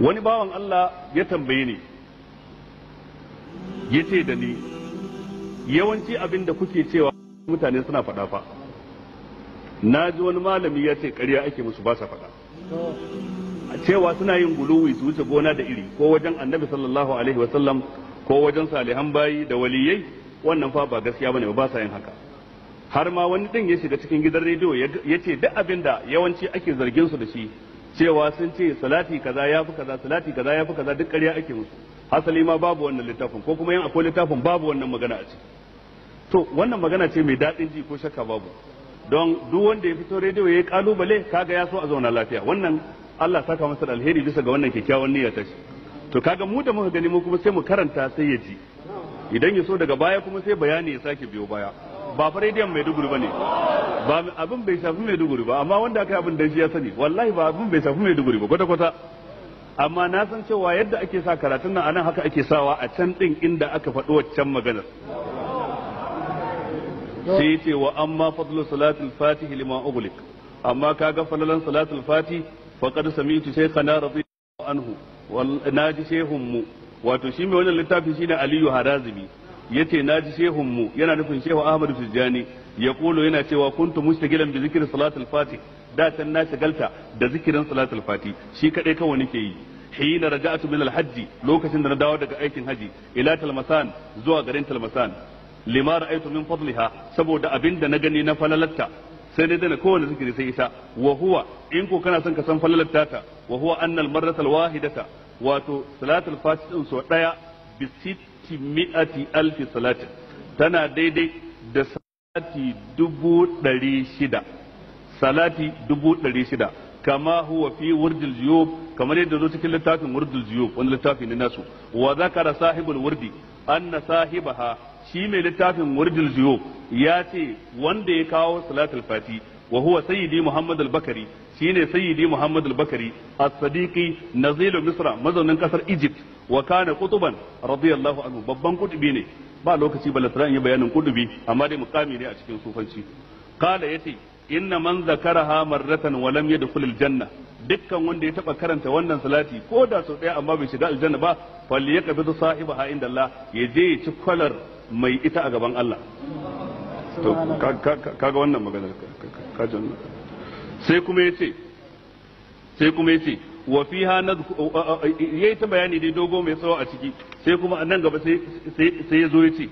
wani bawan Allah ya tambaye ni ya ce da ni yawanci abin da kuke cewa mutane suna faɗa fa na ji wani malami ya ce ƙarya ake musu ba sa faɗa cewa suna yin guluwi su wuce gona da iri ko wajen annabi sallallahu alaihi wasallam ko wajen salihan bayi da waliyai wannan fa ba gaskiya bane ba sa yin haka har ma wani din ya shiga cikin gidan rediyo ya ce duk abin da yawanci ake zargin su da shi cewa sun ce salati kaza ya fi kaza salati kaza ya fi kaza duk ƙarya ake musu hasali ma babu wannan littafin ko kuma yin akwai littafin babu wannan magana a ciki to wannan magana ce mai daɗin ji ko shakka babu don duk wanda ya fito rediyo ya yi kalubale kaga ya so a zauna lafiya wannan Allah saka masa da alheri bisa ga wannan kyakkyawan niyyar ta shi to kaga mu da muka gani mu kuma sai mu karanta sai ya ji idan ya so daga baya kuma sai bayani ya sake biyo baya ba fa rediyon mai duguri ne. ba abin bai shafi mai duguri ba amma wanda aka abin da shi ya sani wallahi ba abin bai shafi mai duguri ba kwata kwata amma na san cewa yadda ake sa karatun nan anan haka ake sawa a can din inda aka faɗi waccan maganar sai ce wa amma fadlu salatul fatihi lima ughliq amma kaga falalan salatul fati faqad sami'tu shaykhana radiyallahu anhu wal naji shehun mu wato shi mai wannan littafi shine Aliyu Harazimi yace naji shehun mu yana nufin shehu Ahmadu Tijjani ya kulo yana cewa kuntu mustaqilan bi zikri salatul fati da san na shagalta da zikirin salatul fati shi kadai kawai nake yi hina raja'atu min al-hajj lokacin da na dawo daga aikin haji ila talmasan zuwa garin talmasan lima ra'aytu min fadliha saboda abinda na gani na falalatta sai dai dana kowane zikiri sai isa wa huwa in ko kana son ka san falalatta ta wa huwa annal marratal wahidata wato salatul fati din so daya bi miqdati mi'ati alfi salatin tana daidai da salati dubu ɗari shida salati dubu ɗari shida kama huwa fi wurdil kamar yadda zo cikin littafin wurdil juyub wani littafi ne nasu wa zakara sahibul wurdi anna sahibaha shi mai littafin wurdil juyub ya ce wanda ya kawo salatul fati wa huwa sayyidi muhammad al-bakari shine sayyidi muhammad al-bakari as-sadiqi nazilu misra mazaunin kasar egypt wa kana qutuban radiyallahu anhu babban kutubi ne ba lokaci balantana in yi bayanin kutubi amma dai mukami ne a cikin sufanci kala yace inna man zakaraha marratan wa lam yadkhul aljanna dukkan wanda ya taba karanta wannan salati ko da sau daya amma bai shiga aljanna ba ya falyaqbidu sahibaha inda Allah ya je ya ci kwalar mai ita a gaban Allah to kaga wannan maganar ka sai kuma yace sai kuma yace wa fiha yayi ta bayani dai dogo mai tsawo a ciki sai kuma a nan gaba sai ya zo ya ce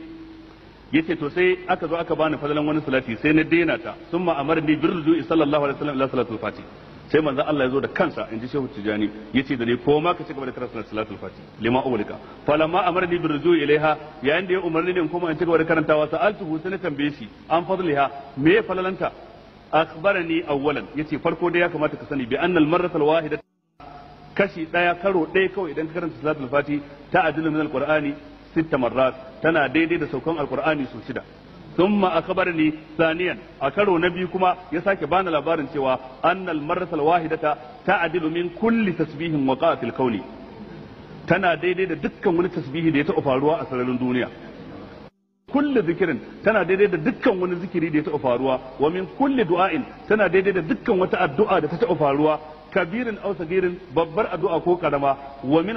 yace to sai aka zo aka bani fadalan wani salati sai na daina ta summa amarni birruju sallallahu alaihi wasallam ila salatul fati sai manzo Allah ya zo da kansa inji shehu tijani yace da ni ko ka cigaba da karanta salatul fati lima ulika falamma amarni birruju ilaiha yayin da ya umarni ne kuma in cigaba da karantawa sa'altuhu sai na tambaye shi an fadliha me falalanta akhbarani awwalan yace farko dai ya kamata ka sani bi annal marratal kashi daya karo daya kawai idan ka karanta salatul fati ta adilu min alqur'ani sitta marrat tana daidai da saukan alqur'ani su shida thumma akhbarani thaniyan a karo na biyu kuma ya sake bani labarin cewa annal marratal wahidata ta'dilu min kulli tasbihin waqa fil qawli tana daidai da dukkan wani tasbihi da ya taɓa faruwa a sararin duniya kulli zikirin tana daidai da dukkan wani zikiri da ya taɓa faruwa wa min kulli du'ain tana daidai da dukkan wata addu'a da ta taɓa faruwa kabirin aw sagirin babbar addu'a ko karama wa min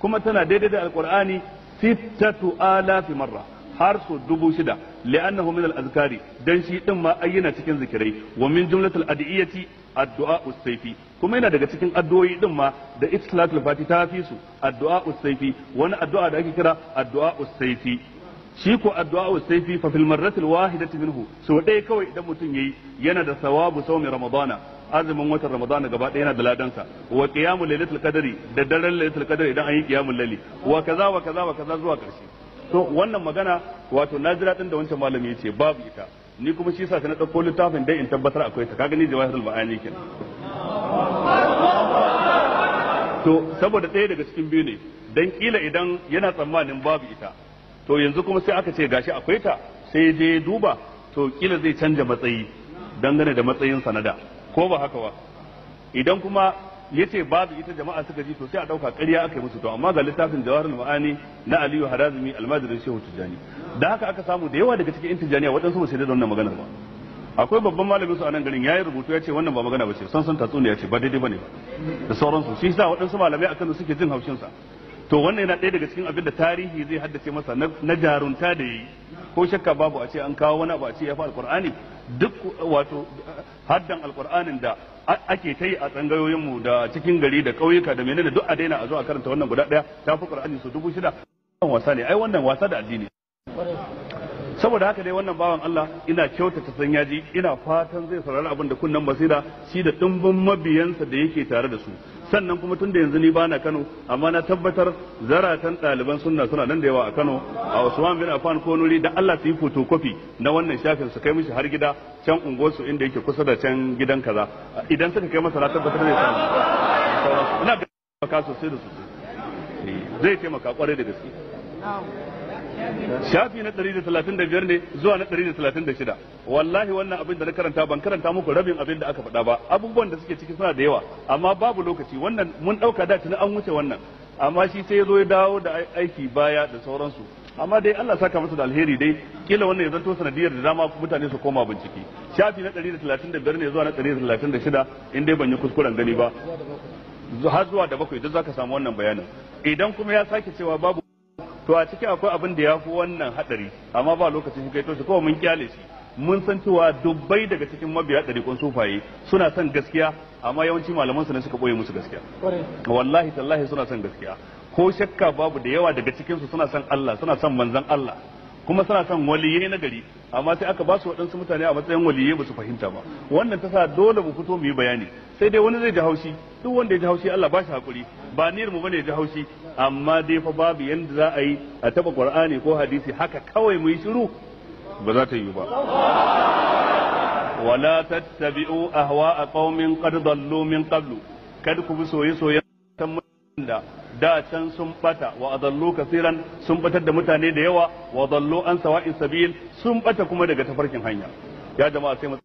kuma tana daidai da alqur'ani sittatu alafi har su dubu shida li'annahu min al-azkari dan shi din ma ayyana cikin zikirai wa min jumlatul adiyati addu'a usayfi kuma yana daga cikin addu'o'i din ma da islatul fati ta fi su addu'a usayfi wani addu'a da ake kira addu'a usayfi shi ko addu'a usayfi fa fil marratil wahidati minhu so dai kawai idan mutum yayi yana da sau sawmi ramadana azumin watan ramadan gaba ɗaya yana da ladansa wa qiyamul lailatul qadri da daren lailatul qadri idan an yi qiyamul laili wa kaza wa kaza wa kaza zuwa ƙarshe to wannan magana wato nazira din da wancan malami yace babu ita ni kuma shi yasa na dauko littafin dai in tabbatar akwai ta kaga ni jawahirul ma'ani kenan to saboda ɗaya daga cikin biyu ne dan kila idan yana tsammanin babu ita to yanzu kuma sai aka ce gashi akwai ta sai je duba to kila zai canja matsayi dangane da matsayin sanada ko ba haka ba idan kuma ya yace babu ita jama'a suka ji to sai a dauka ƙarya aka yi musu to amma ga littafin jawarul ma'ani na Aliyu Harazimi almajirin Shehu Tijjani da haka aka samu da yawa daga cikin intijaniya waɗansu ba sai da wannan maganar ba akwai babban malamin su a nan garin yayi rubutu ya ce wannan ba magana ba ce san san tatsuniya ce ba daidai bane da sauransu shi yasa waɗansu malamai kanu suke jin haushin sa to wannan yana ɗaya daga cikin abin da tarihi zai haddace masa na jarunta da yi ko shakka babu a ce an kawo wani abu a ce ya fi alqur'ani duk wato haddan alqur'anin da ake ta yi a tsangayoyin mu da cikin gari da ƙauyuka da menene duk a daina a zuwa a karanta wannan guda ɗaya ta fi qur'ani su dubu shida wannan wasa ne ai wannan wasa da addini saboda haka dai wannan bawan Allah ina kyautata san yaji ina fatan zai saurari abin da kunnan basira shi da dimbin mabiyansa da yake tare da su sannan kuma tun da yanzu ni bana Kano amma na tabbatar zaratan ɗaliban sunna suna nan da yawa a Kano a Usman bin Affan ko nuri da Allah su yi photocopy na wannan shafin su kai mishi har gida can unguwarsu inda yake kusa da can gidan kaza idan suka kai masa na tabbatar zai samu ina ga sosai da sosai zai taimaka kwarai da gaske shafi na 135 ne zuwa na 136 wallahi wannan abin da na karanta ban karanta muku rabin abin da aka faɗa ba abubuwan da suke ciki suna da yawa amma babu lokaci wannan mun ɗauka da tuni an wuce wannan amma shi sai ya zo ya dawo da aiki baya da sauransu amma dai Allah saka masa da alheri dai kila wannan ya zanto sanadiyar da dama mutane su koma bincike shafi na 135 ne zuwa na 136 in dai ban yi kuskuren gani ba har zuwa da bakwai duk zaka samu wannan bayanin idan kuma ya sake cewa babu to a ciki akwai abin da ya fi wannan hadari amma ba lokacin shi kai to shi kawai mun kyale shi mun san cewa dubbai daga cikin mabiya kun sufaye suna son gaskiya amma yawanci malaman su ne suka boye musu gaskiya wallahi tallahi suna son gaskiya ko shakka babu da yawa daga cikin su suna son Allah suna son manzon Allah kuma suna son waliyai na gari amma sai aka ba su waɗansu mutane a matsayin waliyai ba su fahimta ba wannan ta sa dole mu fito mu yi bayani sai dai wani zai ji haushi duk wanda ya ji haushi Allah ba shi hakuri ba ni mu bane ya ji haushi amma dai fa babu yanda za a yi a taba Qur'ani ko hadisi haka kawai mu yi shiru ba za ta yi ba wala tattabi'u ahwa'a qaumin qad dallu min qablu kad ku bi soyayya da da can sun bata wa adallu kasiran sun batar da mutane da yawa wa adallu an sawa'in sabil sun bata kuma daga tafarkin hanya ya jama'a sai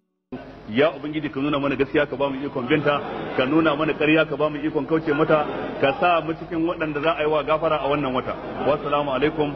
ya ubangiji ka nuna mana gaskiya ka ba mu ikon binta ka nuna mana ƙarya ka ba mu ikon kauce mata ka sa mu cikin waɗanda za a yi wa gafara a wannan wata wassalamu alaikum